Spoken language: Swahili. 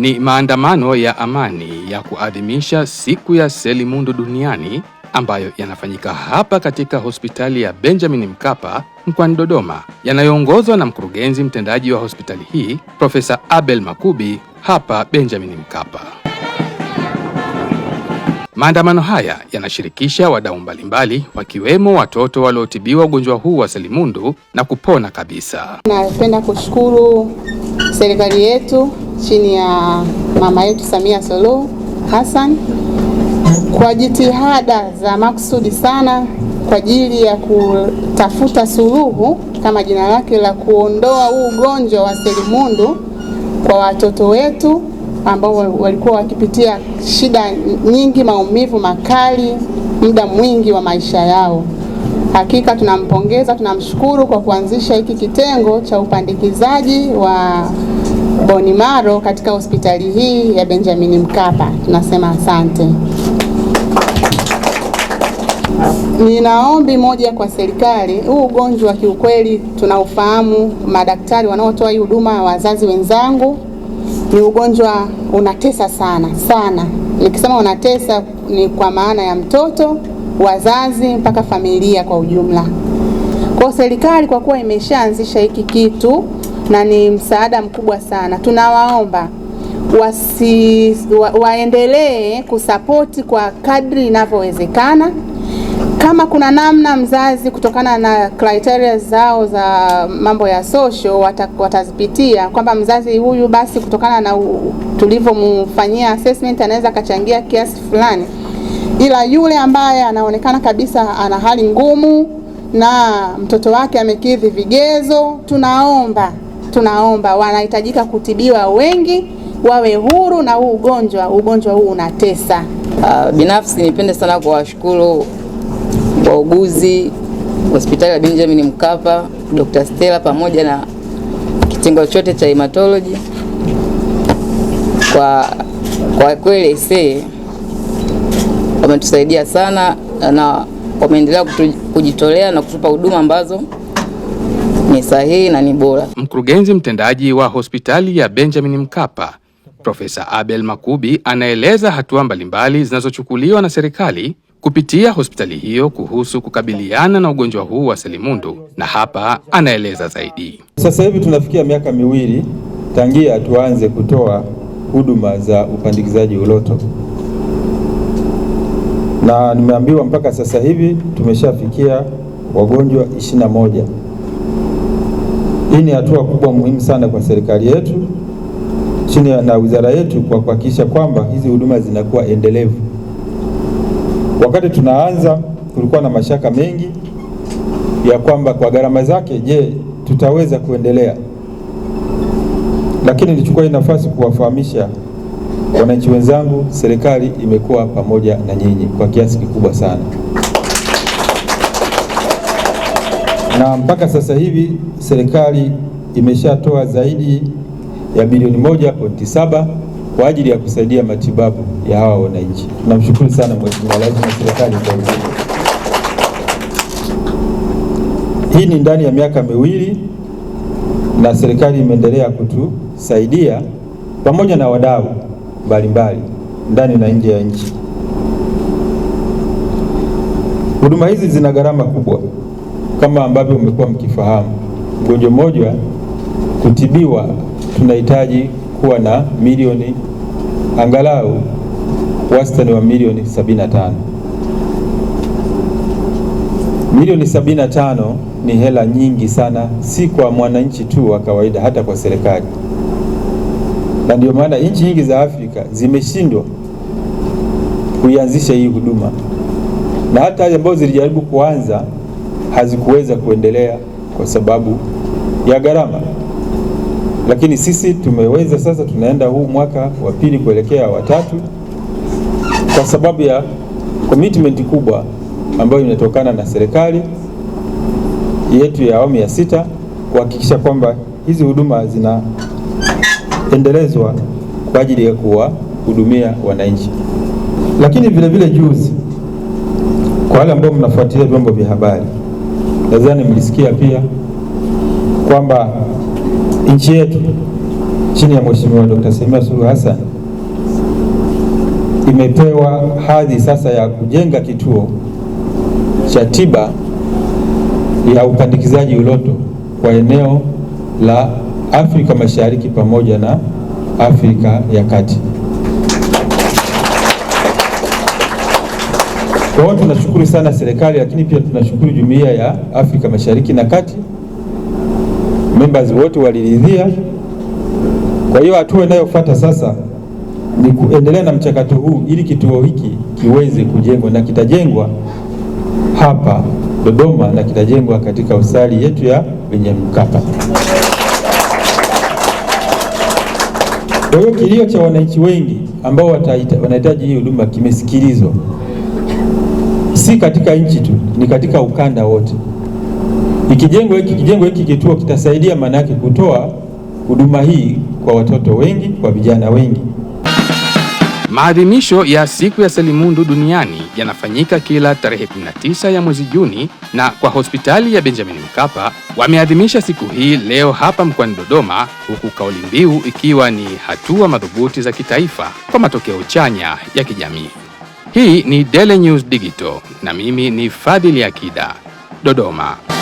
ni maandamano ya amani ya kuadhimisha siku ya selimundu duniani ambayo yanafanyika hapa katika hospitali ya Benjamin Mkapa mkoani Dodoma, yanayoongozwa na mkurugenzi mtendaji wa hospitali hii Profesa Abel Makubi hapa Benjamin Mkapa. Maandamano haya yanashirikisha wadau mbalimbali wakiwemo watoto waliotibiwa ugonjwa huu wa selimundu na kupona kabisa. Napenda kushukuru serikali yetu chini ya mama yetu Samia Suluhu Hassan kwa jitihada za makusudi sana kwa ajili ya kutafuta suluhu kama jina lake la kuondoa huu ugonjwa wa selimundu kwa watoto wetu ambao walikuwa wakipitia shida nyingi, maumivu makali muda mwingi wa maisha yao. Hakika tunampongeza, tunamshukuru kwa kuanzisha hiki kitengo cha upandikizaji wa boni maro katika hospitali hii ya Benjamin Mkapa. Tunasema asante. Nina ombi moja kwa serikali. Huu ugonjwa kiukweli tunaufahamu, madaktari wanaotoa hii huduma, wazazi wenzangu, ni ugonjwa unatesa sana sana. Nikisema unatesa ni kwa maana ya mtoto, wazazi, mpaka familia kwa ujumla. Kwa serikali, kwa kuwa imeshaanzisha hiki kitu na ni msaada mkubwa sana. Tunawaomba wasi, wa, waendelee kusapoti kwa kadri inavyowezekana. Kama kuna namna mzazi kutokana na criteria zao za mambo ya social wata, watazipitia kwamba mzazi huyu basi kutokana na tulivyomfanyia assessment anaweza akachangia kiasi fulani, ila yule ambaye anaonekana kabisa ana hali ngumu na mtoto wake amekidhi vigezo, tunaomba tunaomba wanahitajika kutibiwa wengi, wawe huru na huu ugonjwa, ugonjwa huu unatesa. Uh, binafsi nipende sana kuwashukuru wauguzi hospitali ya Benjamin Mkapa, Dr. Stella pamoja na kitengo chote cha hematology kwa kwa kweli see wametusaidia sana na wameendelea kujitolea na kutupa huduma ambazo ni sahihi na ni bora. Mkurugenzi mtendaji wa hospitali ya Benjamin Mkapa Profesa Abel Makubi anaeleza hatua mbalimbali zinazochukuliwa na serikali kupitia hospitali hiyo kuhusu kukabiliana na ugonjwa huu wa selimundu, na hapa anaeleza zaidi. Sasa hivi tunafikia miaka miwili tangia tuanze kutoa huduma za upandikizaji uloto, na nimeambiwa mpaka sasa hivi tumeshafikia wagonjwa 21 hii ni hatua kubwa muhimu sana kwa serikali yetu chini na wizara yetu kwa kuhakikisha kwamba hizi huduma zinakuwa endelevu. Wakati tunaanza kulikuwa na mashaka mengi ya kwamba kwa gharama zake, je, tutaweza kuendelea? Lakini nilichukua hii nafasi kuwafahamisha wananchi wenzangu, serikali imekuwa pamoja na nyinyi kwa kiasi kikubwa sana. na mpaka sasa hivi serikali imeshatoa zaidi ya bilioni moja pointi saba kwa ajili ya kusaidia matibabu ya hawa wananchi. Tunamshukuru sana Mheshimiwa Rais na serikali kwa ujumla. Hii ni ndani ya miaka miwili, na serikali imeendelea kutusaidia pamoja na wadau mbalimbali ndani na nje ya nchi. Huduma hizi zina gharama kubwa. Kama ambavyo mmekuwa mkifahamu, mgonjwa mmoja kutibiwa tunahitaji kuwa na milioni angalau wastani wa milioni 75. Milioni 75 ni hela nyingi sana, si kwa mwananchi tu wa kawaida, hata kwa serikali. Na ndio maana nchi nyingi za Afrika zimeshindwa kuianzisha hii huduma, na hata ambazo zilijaribu kuanza hazikuweza kuendelea kwa sababu ya gharama. Lakini sisi tumeweza sasa, tunaenda huu mwaka wa pili kuelekea watatu kwa sababu ya commitment kubwa ambayo inatokana na serikali yetu ya awamu ya sita kuhakikisha kwamba hizi huduma zinaendelezwa kwa ajili ya kuwahudumia wananchi. Lakini vilevile juzi, kwa wale ambao mnafuatilia vyombo vya habari nadhani mlisikia pia kwamba nchi yetu chini ya Mheshimiwa Dkt. Samia Suluhu Hassan imepewa hadhi sasa ya kujenga kituo cha tiba ya upandikizaji uloto kwa eneo la Afrika Mashariki pamoja na Afrika ya Kati. Kwa hiyo tunashukuru sana serikali, lakini pia tunashukuru jumuiya ya Afrika Mashariki na Kati, members wote waliridhia. Kwa hiyo hatua inayofuata sasa ni kuendelea na mchakato huu ili kituo hiki kiweze kujengwa na kitajengwa hapa Dodoma na kitajengwa katika hospitali yetu ya Benjamin Mkapa. Kwa hiyo kilio cha wananchi wengi ambao wanahitaji hii huduma kimesikilizwa si katika nchi tu, ni katika ukanda wote. Ikijengwa hiki kijengwa hiki kituo kitasaidia, maana yake kutoa huduma hii kwa watoto wengi, kwa vijana wengi. Maadhimisho ya siku ya selimundu duniani yanafanyika kila tarehe 19 ya mwezi Juni, na kwa hospitali ya Benjamin Mkapa wameadhimisha siku hii leo hapa mkoani Dodoma, huku kauli mbiu ikiwa ni hatua madhubuti za kitaifa kwa matokeo chanya ya kijamii. Hii ni Daily News Digital na mimi ni Fadhili Akida, Dodoma.